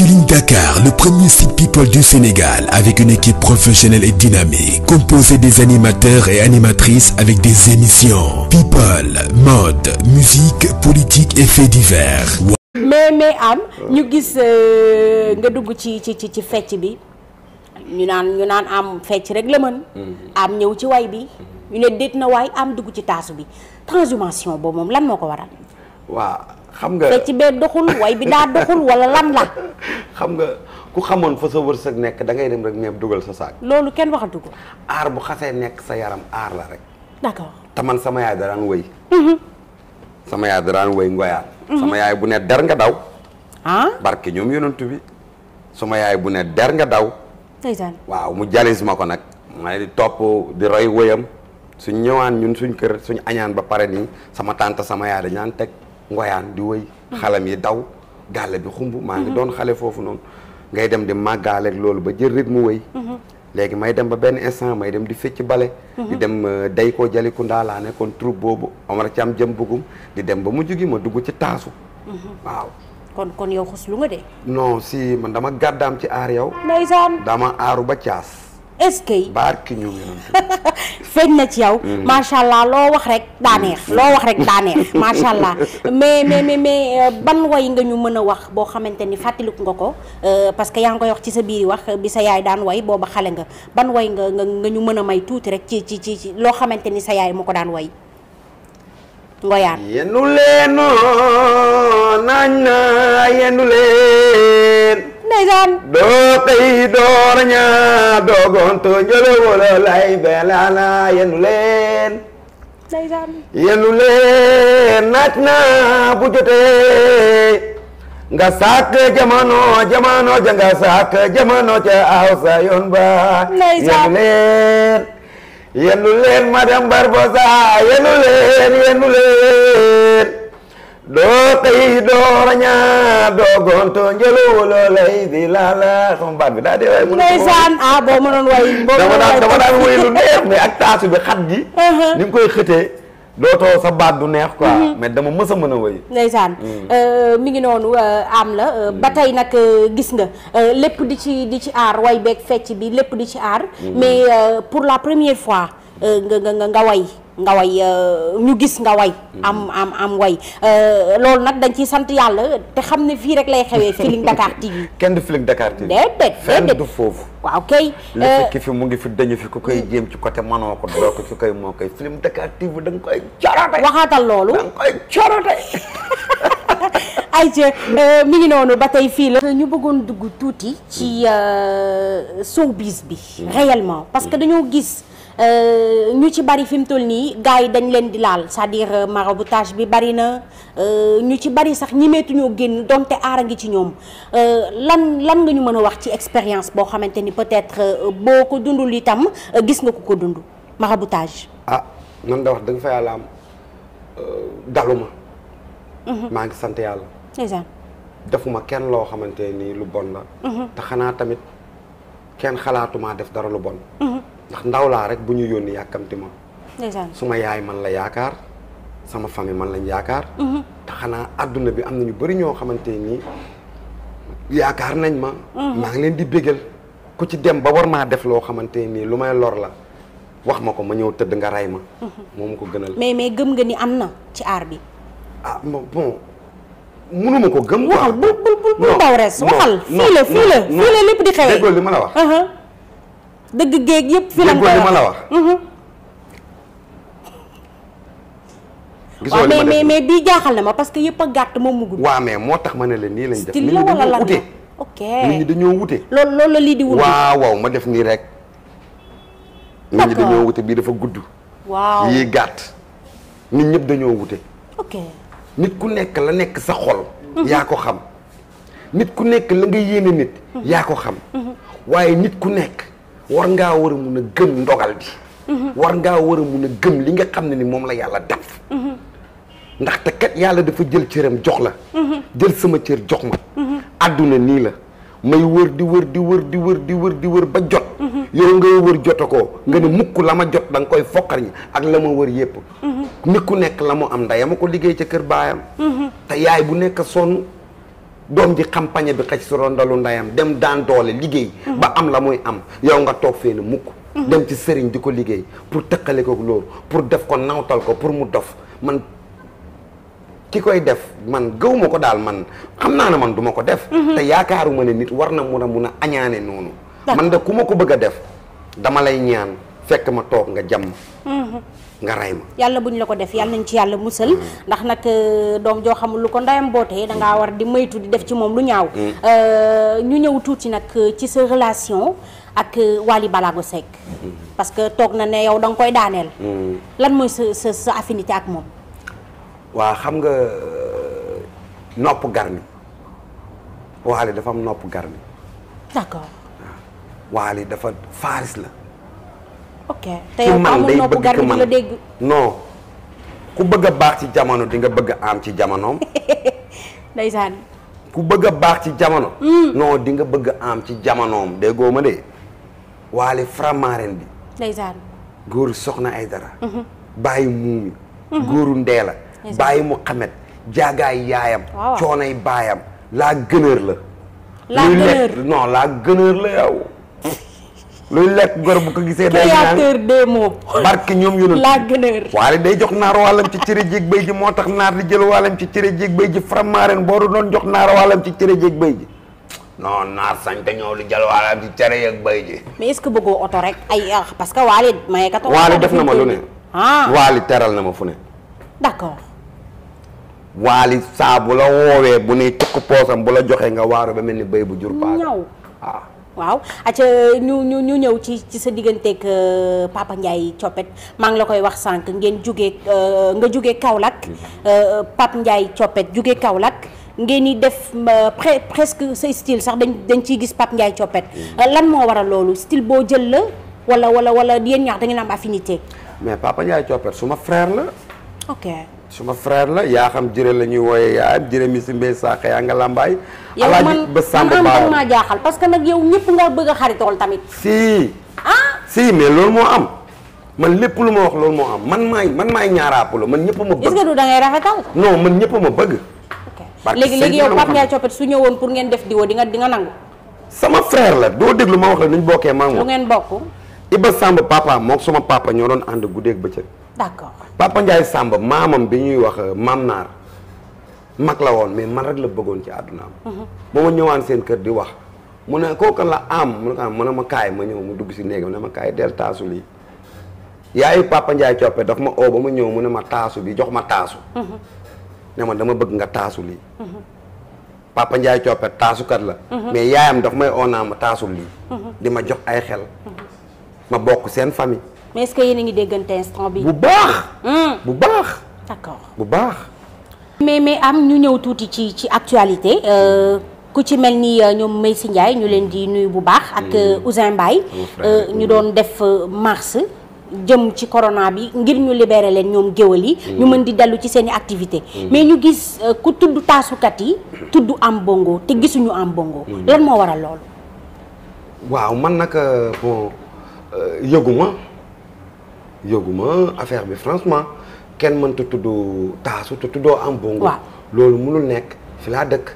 Feeling Dakar, le premier site people du Sénégal avec une équipe professionnelle et dynamique, composée des animateurs et animatrices avec des émissions people, mode, musique, politique et faits divers. mais mais am ñu gis euh, nga dugg ci ci ci fecc bi ñu naan ñu naan am fecc rek la mën. am ñëw ci way bi. ñu ne déet na waay am dugg ci taasu bi transhumance boobu moom lan moo ko waral. waaw. xam nga fecc bee doxul way bi daa doxul wala lan la. xam nga ku xamoon fa sa wërsëg nekk da ngay dem rek mais dugal sa saak. loolu kenn waxatu ko. aar bu xasee nekk sa yaram aar la rek. d'accord te man sama yaay daraan wëy. Mhm. sama yaay daraan mhm. sama yaay bu ne der nga daw. ah barke ñoom yonent bi sama yaay bu ne der nga daw. ndeysaan waaw mu jalis ma ko nag. ma di topp di roy wëyam suñ ñëwaan ñun suñ kër suñ añaan ba pare nii sama tante sama yaay dañaan teg. ngoyaan di wëy xalam yi daw gàlle bi xumb maa ngi doon xale foofu noonu ngay dem di màggaaleeg loolu ba jël rythme wëy léegi may dem ba benn instant may dem di fecc bale di dem euh, day koo jalikundaa laa nekkoon troupe boobu Omar Thiam jëm bugum di dem ba mu jugi ma dugg ci taasu waaw kon kon yow xus lu nga de non si man dama gàddaam ci aar yow dama aaru ba caas est-ce feeñ na ci yow. Mm. macha allah loo wax rek daa neex mm. loo wax rek daa neex macha allah mais mais mais mais euh, ban way nga ñu mën a wax boo xamante ni fàttaliku nga ko euh, parce que yaa ngi koy wax ci sa biir wax bi sa yaay daan way booba xale nga ban way nga nga ñu mën a may tuuti rek ci ci ci loo xamante ni sa yaay moo ko daan way. ngoyaan yenu leen oh, nañ na yenu leen. ndeysaan doo tey door maa doogoonto njëlawolo lay belaana yenu leen yenu leen naaj na bu jotee nga sàkk jamono jamono ja nga sàkk jamono ca aw sa yoon ba yenu leen yenu leen madame Barbosa yenu leen yenu leen doo xëy doo rañaa doo gonto njëloo loolay di laa la xam baat bi daa dee waaye. ndeysaan ah boo boo mënoon way dama daan way lu neex mais ak taasu bi xat gi. ni nga koy xëtee. dootoo sa baat du neex ko mais dama mës a mën a wëy. ndeysaan mi ngi noonu am la ba tey nag gis nga lépp di ci di ci aar way beeg fecc bi lépp di ci aar. mais pour la première fois. nga nga nga way nga way euh, ñu gis nga way mm-hmm. am am am way euh, loolu nag dañ ciy sant yàlla te xam ne fii rek lay xewee Feeling Dakar TV kenn du Feeling Dakar TV déedéet déedéet du foofu waaw kay lépp euh, ki fi mu ngi fi dañu fi ku koy mm. jéem ci côté manoo ko doo ko ci koy moo koy Feeling Dakar TV da koy corote waxaatal loolu da koy corote ayca mi ngi noonu ba tey fii la ñu bëggoon dugg tuuti ci showbiz bi mm. réellement parce que mm. dañoo gis Euh, ñu ci bari fi mu toll nii gars yi dañ leen di laal c'est-à-dire euh, maraboutage bi bari na euh, ñu ci bari sax ñoo génn donte aara ngi ci ñoom lan lan nga ñu mën a wax ci expérience boo xamante ni peut-être boo ko dundul itam gis nga ko ko dund maraboutage. ah nan da wax dëgg fa yàlla am daluma. Mhm. maa ngi sant yàlla. ndeysaan. defuma kenn loo xamante ni lu bon la. Mhm. te xanaa tamit kenn xalaatuma def dara lu bon. Mhm. ndax ndaw laa rek bu ñu yónni yàkkamti ma suma yaay man la yaakaar sama famille man lañ yaakaar mhm. te xanaa àdduna bi am na ñu bari ñoo xamante nii yaakaar nañ ma mhm. maa ngi leen di bégal ku ci dem ba war maa def loo xamante nii lu may lor la wax ma ko ma ñëw tëdd nga ray ma mhm. moom ko gënal mais mais gëm nga ni am na ci aar bi ah bon mënuma ko gëm waaw bu bu bu ndaw res waxal fii la fii lépp di xewee déggoo li ma la wax uh-huh. dëgg géeg yëpp fi la ma la wax mhm. gisoo mais mais bii jaaxal na ma parce que yëpp a gàtt moom mu gudd. waaw mais moo tax ma ne leen nii lañ def. style la wala lan dañoo wute. loolu la lii di wute. waaw ma def nii rek. nit ñi dañoo wute bii dafa gudd. waaw yii gàtt. nit ñëpp dañoo wute. ok nit ku nekk la nekk sa xol. Mhm. yaa ko xam. nit ku nekk la nga yéene nit. Mhm. yaa ko xam. waaye nit ku nekk. war ngaa war a mun a gëm ndogal bi. Mhm. war ngaa war a mun a gëm li nga xam ne ni moom la yàlla def. Mhm. ndaxte kat yàlla dafa jël cëram jox la. Mhm. jël sama cër jox ma. àdduna nii la may wër di wër di wër di wër di wër di wër ba jot. yow nga wër jote ko nga ne mukk la ma jot da nga koy foqar ñi ak la ma wër yépp. nit ku nekk la mu am ndeyam a ko liggéey ca kër baayam. te yaay bu nekk sonn. doom ji campagne bi xaj si rondalu ndayam dem daan doole liggéey ba am la muy am yow nga toog fee ne mukk dem ci sëriñ di ko liggéey pour tëqale ko loolu pour def ko nawtal ko pour mu dof man ki koy def man gëw ma ko daal man am naa ne man duma ko def mhm. te yaakaaruma ne nit war na mun a mun a añaane noonu man de ku ma ko bëgg a def dama lay ñaan fekk ma toog nga jàmm. Mhm. nga ray ma yàlla buñ la ko def yàlla nañ ci yàlla musal mhm. ndax nag euh, doom joo xamul lu ko ndayam bootee da ngaa mhm. war di maytu di def ci moom lu ñaaw euh, ñu ñëw tuuti nag euh, ci sa relation ak Wally Balago Seck parce que toog na ne yow danga koy daaneel lan mooy sa sa sa ak moom waa xam nga nopp garmi Wally dafa am nopp garmi d'accord waaw Wally dafa faaris la ok te yow amul ku bëgg a baax di nga bëgg ci jamonoom. ndeysaan. ku bëgg baax ci jamono. Hmm. non di bëgg am ci jamonoom déggoo ma de waale Faramareen bi. ndeysaan. soxna ay dara. Mhm. bàyyi muumi. Mhm. góoru ndeela. bàyyi Muhammad jaagaay yaayam. coonay baayam laa gënër la. laa gënër la yow. luy lekk góor bu ko gisee. day ñaan créateur des mots. barke ñoom yu la. waale day jox naar wàllam ci cere jéeg béy ji moo tax naar di jël wàllam ci cere jéeg béy ji framaren boo doon jox naar wàllam ci cere jéeg béy ji. non naar sañ te ñëw di jël wàllam ci cere yeeg béy ji. mais est ce que bëggoo oto rek ay ah, parce que waale maye kat. waale def na ma lu ne. Ah. waali teral na ma fu ne. d' accord. waali saa bu la woowee bu ne tukk poosam bu la joxee nga waaru ba mel ni béy bu jur paase. waaw aca ñu ñu ñu ñëw ci ci sa digganteeg euh, Papa Ndiaye Coppet maa ngi la koy wax sànq ngeen jugee euh, nga jugee Kaolack mm-hmm. euh, Papa Ndiaye Coppet jugee Kaolack ngeen di def presque sa style sax dañ dañ ciy gis Pape Ndiaye Coppet mm-hmm. lan moo waral loolu style boo jël la wala wala wala yéen ñaar da ngeen am affinité mais Papa Ndiaye Coppet suma frère la ok suma frère la yaa xam jërë la ñuy wooyee yaayam jërë mi si mbay saa xëyaa nga lambaay. alaaji ba sàmb baaw man maa jaaxal parce que nag yow ñëpp nga bëgg a xaritool tamit. si. ah si mais loolu moo am. man lépp lu ma wax loolu moo am man maay man maay ñaaraapulo man ñëpp ma bëgg. gis nga du da ngay rafetal. non man ñëpp ma bëgg. ok léegi léegi yow Pape Ndiaye Coppet su ñëwoon pour ngeen def diwo di nga di nga nangu. sama frère la doo déglu ma wax la nuñ bokkee maa lu ngeen bokk. Iba Samb papa mook sama papa ñoo doon ànd guddeeg bëccëg. d'accord papa Ndiaye Samb maamam bi ñuy wax euh, maam naar mag la woon mais man rek la bëggoon ci àddunaam. Mhm. ba ma ñëwaan seen kër di wax mu ne kooku la am mu ne ko ma ne ma kaay ma ñëw mu dugg si néeg mu ne ma kaay del taasu lii. yaayu papa Ndiaye coppe daf ma oo ba ma ñëw mu ne ma taasu bi jox ma taasu. Mhm. ne ma dama bëgg nga taasu lii. Mhm. papa Ndiaye coppe taasukat la. mais yaayam daf may oo naa ma taasu lii. di ma jox ay xel. ma bokk seen famille. mais est-ce que yéen a ngi déggante instant bi bu baax. Hmm. bu baax. d'accord bu baax. mais mais am ñu ñëw tuuti ci ci actualité euh, ku ci mel ni euh, ñoom may si Ndiaye ñu leen di nuyu bu baax. ak euh, hmm. Ouzin Mbaye ñu doon def mars. jëm ci corona bi ngir ñu libéré leen ñoom géwël yi hmm. ñu mën di dellu ci seeni activité mais ñu gis ku tudd taasukat yi tudd am bongo te gisuñu am bongo lan moo waral loolu waaw man nag bon Euh, yëguma yëguma affaire bi franchement kenn mënta tudd taasu te tuddoo am bongo loolu mënul nekk fi laa dëkk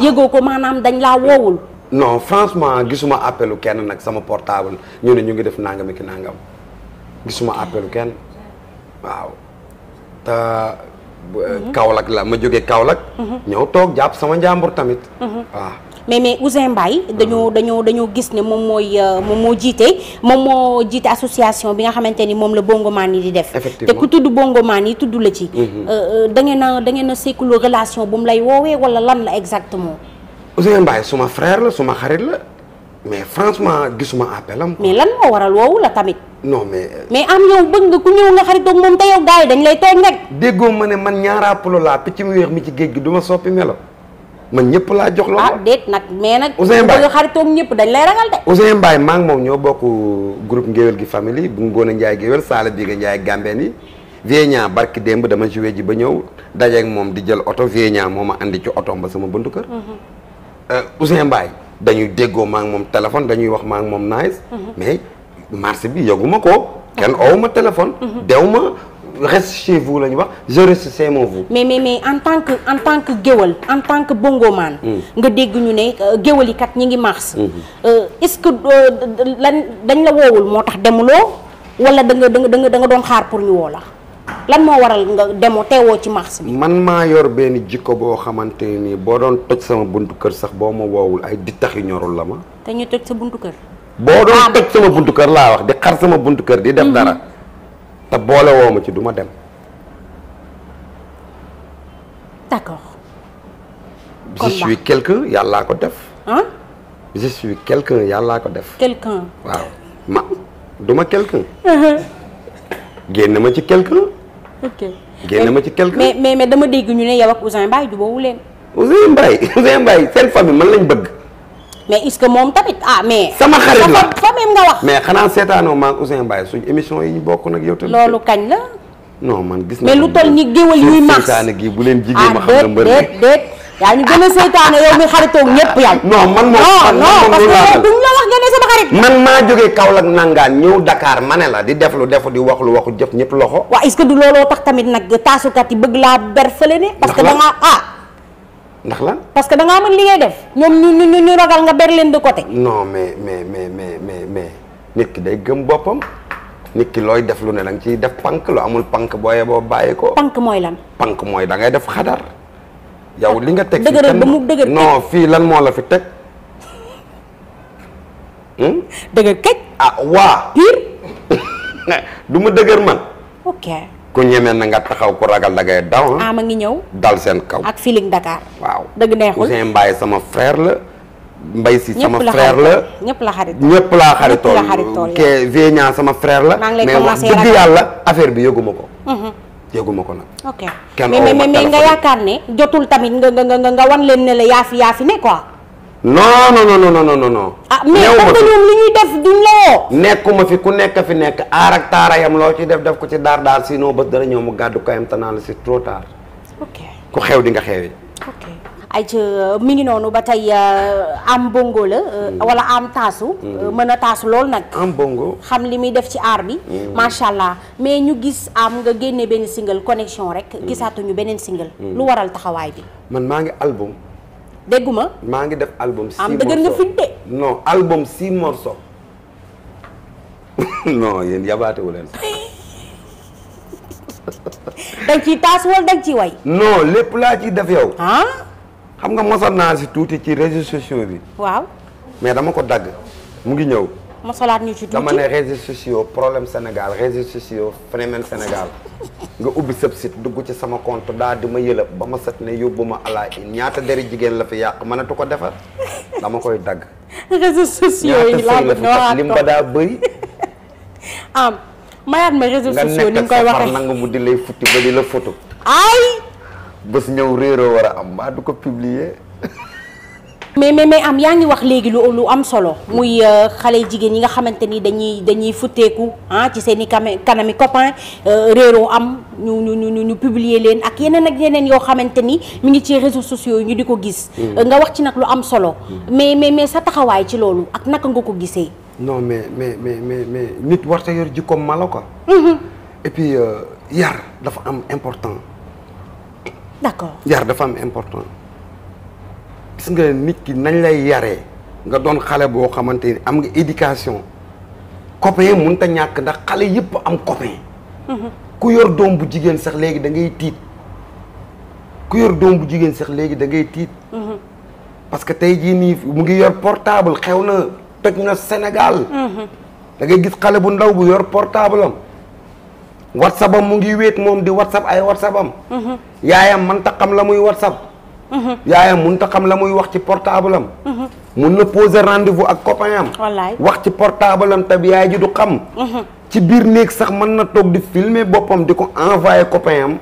yëgoo ko maanaam dañ laa woowul non franchement gisuma appelu kenn nag sama portable ñu ne ñu ngi def nangami ki nangam gisuma appelu kenn waaw te mhm. Kaolack la ma jógee Kaolack mhm. ñëw toog jàpp sama njàmbur tamit mhm. waaw mais mais Ouzin mbaay dañoo ah. dañoo dañoo gis ne moom mooy euh, moom moo jiite moom moo jiite association bi nga xamante ni moom la bongomaan yi di def te ku tudd bongomaan yi tudd la ci mm-hmm. euh, euh, da ngeen a da ngeen a sékulu relation bu mu lay woowee wala lan la exactement Ouzin Mbaye suma frère la suma xarit la mais franchement gisuma appel am mais lan moo waral woowu la tamit non mais mais am yow bëgg nga ku ñëw nga xaritoog moom te yow gars dañ lay tooñ rek déggoo ma ne man ñaaraa pulo laa picc mu mi ci géej gi du ma soppi melo ma ñëpp laa jox loolu. ah nag mais nag. Ousseyn Mbaye ñëpp dañ lay ragal de. Ousseyn Mbaye maa moom ñoo bokk groupe Ngéwél gi famille bu Ngone Ndiaye Ngéwél Saala Biga njaay Gambeen yi. Vienna barki démb dama joué ji ba ñëw dajeeg moom di jël oto Vienna moom ma andi ci otoom mba sama buntu kër. Mhm. Euh, Ousseyn Mbaye dañuy déggoo maa moom téléphone dañuy wax maa moom nice. Mhm. mais marché bi yëgu ma ko. kenn mhm. owu ma téléphone. dew ma. reste chez vous la ñu wax je reste chez mon vous. mais mais en tant que en tant que géwal en tant que bongoman. Hmm. nga dégg ñu ne yi euh, kat ñi ngi mars. Hmm. Euh, est-ce que euh, lan dañ la woowul moo tax demuloo wala da nga da da nga doon xaar pour ñu woo la lan moo waral nga demoo teewoo ci mars bi. man maa yor benn jikko boo xamante nii boo doon toj sama buntu kër sax boo ma woowul ay dittax yu ñorul la ma. te ñu toj sa buntu kër. boo doon ah, toj sama buntu kër laa wax di xar sama buntu kër di def mhm. dara. te boole woo ma ci du ma dem. d'accord. je suis quelqu'un yàllaa ko def. ah. je suis quelqu'un yàllaa ko def. quelqu'un waaw ma du ma quelqu'un. Uh-huh. génn ma ci quelqu'un. ok génn ma ci quelqu'un. mais mais mais dama dégg ñu ne yow ak Ouzin Mbaye jubóowu leen. Ouzin Mbaye Ouzin Mbaye seen famille man lañ bëgg. mais est-ce que moom tamit ah mais. sama xarit la fa même nga wax. mais xanaa seetaanoo maak Ousseyn Mbaye suñu émission yi ñu bokk nag yow tamit. loolu kañ la. non man gis na mais lu toll ni géwal yuy mars seetaane gi bu leen jigéen ma xam na mbër déet déet yaa ñu a seytaane yow mi xaritoog man moom non parce que duñ la wax nga ne sama xarit man maa jógee Kaolack nangaan ñëw Dakar ma ne la di def lu defu di wax lu waxu jëf ñëpp loxo waaw est-ce que du looloo tax tamit nag taasukat yi bëgg laa ber fële ne parce que da ah ndax lan parce que da ngaa li ngay def ñoom ñu ñu ñu ragal nga ber leen de côté. non mais mais mais mais mais mais nit ki day gëm boppam nit ki looy def lu ne da ciy def pank lu amul pank booyee boo bàyyi ko. pank mooy lan. pank mooy da ngay def xadar. yow li nga teg fii dëgëral ba mu dëgër non fii lan moo la fi teg. Hmm? dëgër kecc. ah waa. pire. du ma dëgër man. ok. ku ñemee na nga taxaw ku ragal da ngay daw ah ma ngi ñëw dal seen kaw ak Feeling Dakar waaw dëgg neexul Ousseyn Mbaye sama la Mbaye si sama frère la ñëpp la xarit laa xaritool ke Vénia sama la mais wax dëgg yàlla affaire bi yëguma ko mm-hmm. yëguma ko nag ok mais nga yaakaar ne jotul tamit nga nga nga nga wan leen ne la yaa fi ne quoi non non non non non non non. ah mais comme ñoom li ñuy def duñ la woo. nekkuma fi ku nekk fi nekk aar ak taarayam loo ci def def ko ci daar daar sinon bés dana ñëw mu gàddu kayam te naan la c'est trop tard. ok ku xew di nga xewi. ok ayca mi ngi noonu ba tey euh, am bongo la. Euh, mm. wala am taasu. Mm. Euh, mën a taasu lool nag. am bongo xam li muy def ci aar bi. Mm. macha allah mais ñu gis am nga génne benn single connexion rek. gisaatuñu beneen single. lu waral taxawaay bi. man maa ngi album. dégguma maa ngi def album six morceaux am dëgër nga finte non album six yabaatewu leen sax danga ciy taas ci way non lépp laa ci def yow ah xam nga mosoon si tuuti ci réseaux sociaux bi waaw mais dama ko dagg mu ngi ñëw mosolaat ñu ci tuuti dama ne réseaux sociaux problème Sénégal réseaux sociaux phénomène Sénégal nga ubbi sëb sit dugg ci sama compte daa di ma yëlëb ba ma set na yóbbu ma alaa in ñaata deri jigéen la fi yàq mënatu ko defar dama koy dagg. réseaux sociaux yi laa bëgg nga waxaat lim ba daa bëri. am mayaat ma réseaux sociaux ni mu koy waxee nga mu di lay futti ba di la photo. ay bés ñëw réeroo war a am mbaa du ko publier. mais mais mais am yaa ngi wax léegi lu lu am solo muy euh, xale jigéen yi nga xamante ni dañuy dañuy futteeku ah ci seen i kanami copain euh, réeroo am ñu ñu ñu ñu publier leen ak yeneen ak yeneen yoo xamante ni mi ngi ci réseaux sociaux yi ñu di ko gis. Mm. Euh, nga wax ci nag lu am solo. Mm. mais mais mais sa taxawaay ci loolu ak naka nga ko gisee. non mais mais mais mais mais nit warta yor jikkoom mala quoi. Mm-hmm. et puis yar dafa am important. d'accord yar dafa am important. gis nga nit ki nañ lay yare nga doon xale boo xamante ni am nga éducation copain mun ta ñàkk ndax xale yëpp am copain mhm. ku yor doom bu jigéen sax léegi dangay tiit ku yor doom bu jigéen sax léegi dangay tiit mhm. parce que tey jii nii mu ngi yor portable xew na toj na Sénégal mhm. dangay gis xale bu ndaw bu yor portable am whatsapp am mu ngi wéet moom di whatsapp ay whatsapp am yaayam man ta xam la muy whatsapp Mm-hmm. yaayam mun ta xam la muy wax ci portable am. Mm-hmm. mun na poser rendez ak copain am. wallaay wax ci portable am te yaay ji du xam. Mm-hmm. ci biir néeg sax mën na toog di filmer boppam di ko envoyé copain am.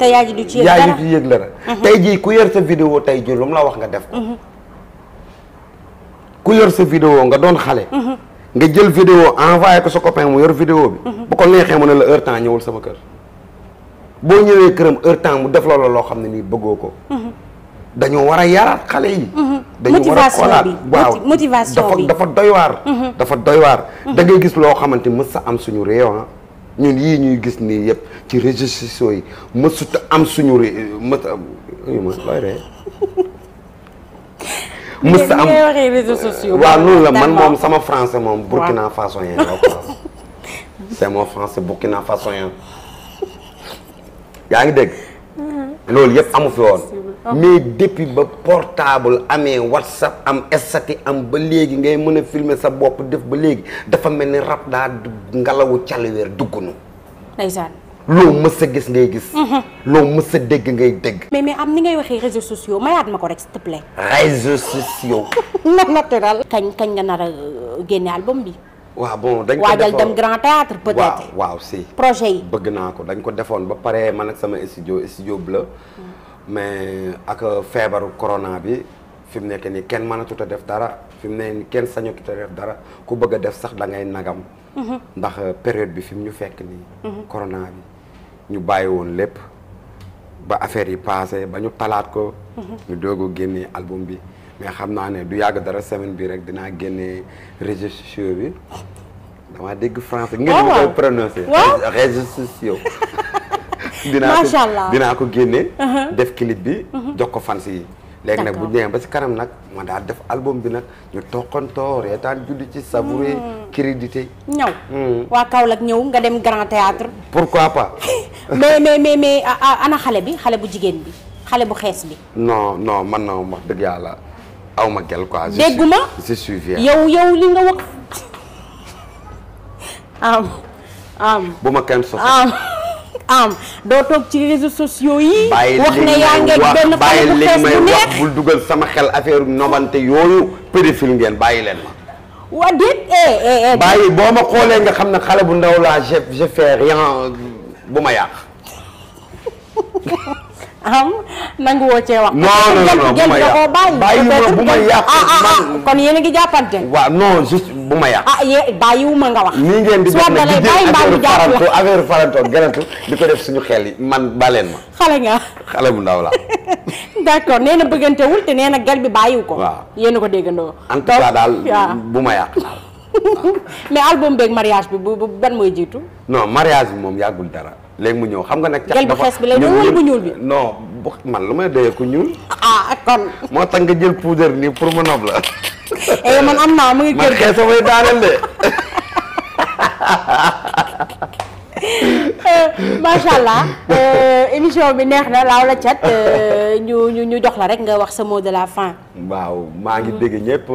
te yaay ji du ci yëg dara yaay ji tey jii ku yor sa vidéo tey jii lu mu la wax nga def ko. ku yor sa vidéo nga doon xale. nga jël vidéo envoyé ko sa copain mu yor vidéo bi. bu ko neexee mu ne la heure temps ñëwul sama kër. boo ñëwee këram heure temps mu def loolu loo xam ne nii bëggoo ko. Mhm. dañoo war a yaraat xale yi. Mhm. dañu war a xoolaat waaw dafa doy waar. Mhm. dafa doy waar. da ngay gis loo xamante mës sa am suñu réew ah ñun yii ñuy gis nii yëpp ci réseaux sociaux yi mësut am suñu ré mës mës ta am euh, waaw loolu la man moom sama français moom Burkina Faso yen la quoi c'est mon français Burkina Faso yen yaa ngi dégg mm-hmm. loolu yëpp amu fi woon mais depuis ba portable amee whatsapp am estati am ba léegi ngay mën a filmer sa bopp def ba léegi dafa mel ni rab daa ngelawu caliweer dugg nu ndeysaan loo mës a gis ngay gis mm-hmm. loo mës sa dégg ngay dégg mais mais am ni ngay waxee réseaux sociaux mayaat ma ko rek s'il te plaît réseaux sociaux na naturel kañ kañ nga nar a génne album bi waa bon dañ ko dem grand théâtre peut waaw si projet bëgg naa ko dañ ko defoon ba paree man ak sama studio studio bleu hmm. mais ak euh, feebaru corona bi fi mu nekk nii kenn mënatut def dara fi mu ne kenn sañatut a def dara ku bëgg a def sax dangay nagam hmm. ndax euh, période bi fi mu ñu fekk nii hmm. corona bi ñu bàyyi woon lépp ba affaire yi passé ba ñu talaat ko ñu doog a génnee album bi mais xam naa ne du yàgg dara semaine bi rek dinaa génne réseaux sociaux bi damaa dégg français. ngeen ñu oh, koy prononcé. réseaux sociaux. macha dinaa ko génne. Uh-huh. def clip bi. Uh-huh. jox ko fans yi. léegi nag bu ñu ba si kanam nag ma daal def album bi nag ñu toqantoo reetaan julli ci savouré hmm. crédité. ñëw hmm. waa Kaolack ñëw nga dem grand théâtre pourquoi pas. mais mais mais ana xale bi xale bu jigéen bi xale bu xees bi. non non man na wax dëgg yàlla. aw ma gel quoi. dégguma je suis li nga wax. am bu ma kenn soxla am am toog ci réseaux sociaux yi. wax ne yaa ngi benn bàyyi leen may wax bul dugal sama xel affaire nobante yooyu pédophile ngeen bàyyi leen ma. waa déet eh eh. eh xoolee nga xam ne xale bu ndaw la je je rien bu ma yàq. am nangu woo cee wax. non non non bu ma yàq ma yàq kon yéen ngi jàppante. waaw non juste bu ma yàq. ah yé bàyyiwuma nga wax. nii ngeen di def nag di jël affaire faranto affaire faranto gënatu di ko def suñu xel yi man baleen ma. xale nga xale bu ndaw la. d'accord nee na bëggantewul te nee bi bàyyiwu ko. waaw ko déggandoo. en tout cas daal bu ma yàq. mais album beeg mariage bi bu ban mooy jiitu. non mariage bi moom yàggul dara. léegi mu ñëw xam nga nag. cax dafa ñoom bu ñuul bi non man lu may doyee ku ñuul. ah kon. moo tax nga jël poudre nii pour ma nob la. Eh, man am naa mu ngi kër man xees samay eh, allah eh, émission bi na laaw la ñu jox la rek nga wax sa mot de la fin. waaw maa ngi dégg ñépp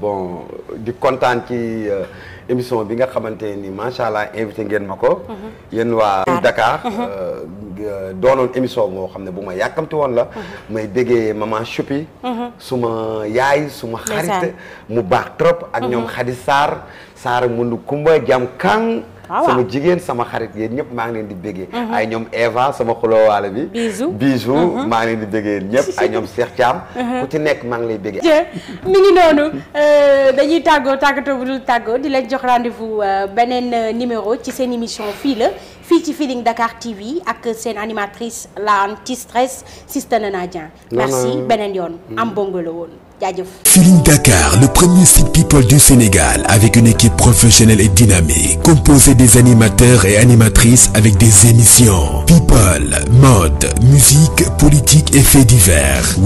bon di kontaan ci. Euh, émission bi nga xamante ni macha allah invité ngeen ma ko. Mhm. yéen waa Dakar. Mhm. Euh, euh, doonoon émission moo xam ne bu ma yàkkamti woon la. Mhm. may bëggee maman Choupi. suma yaay suma xarit. mu baax trop ak ñoom Khady Sarr Sarr mënu kumba jam kang sama jigéen sama xarit yéen ñëpp maa ngi leen di béggee mhm. ay ñoom Eva sama waalo bi bijou bijou mhm. maa ngi leen di béggee ñëpp ay ñoom seex Thiam mhm. ku ci nekk maa ngi lay béggee mi ngi noonu euh, dañuy tàggoo tàggatoo bu dul tàggoo di leen jox rendez-vous euh, beneen euh, numéro ci seen émission fii la fii ci Feeling Dakar TV ak seen animatrice la anti stress Sista Nana Dieng merci beneen yoon am bongo la woon jaajëf. Feeling Dakar, le premier site people du Sénégal avec une équipe professionnelle et dynamique composée des animateurs et animatrices avec des émissions people, mode, musique, politique et faits divers.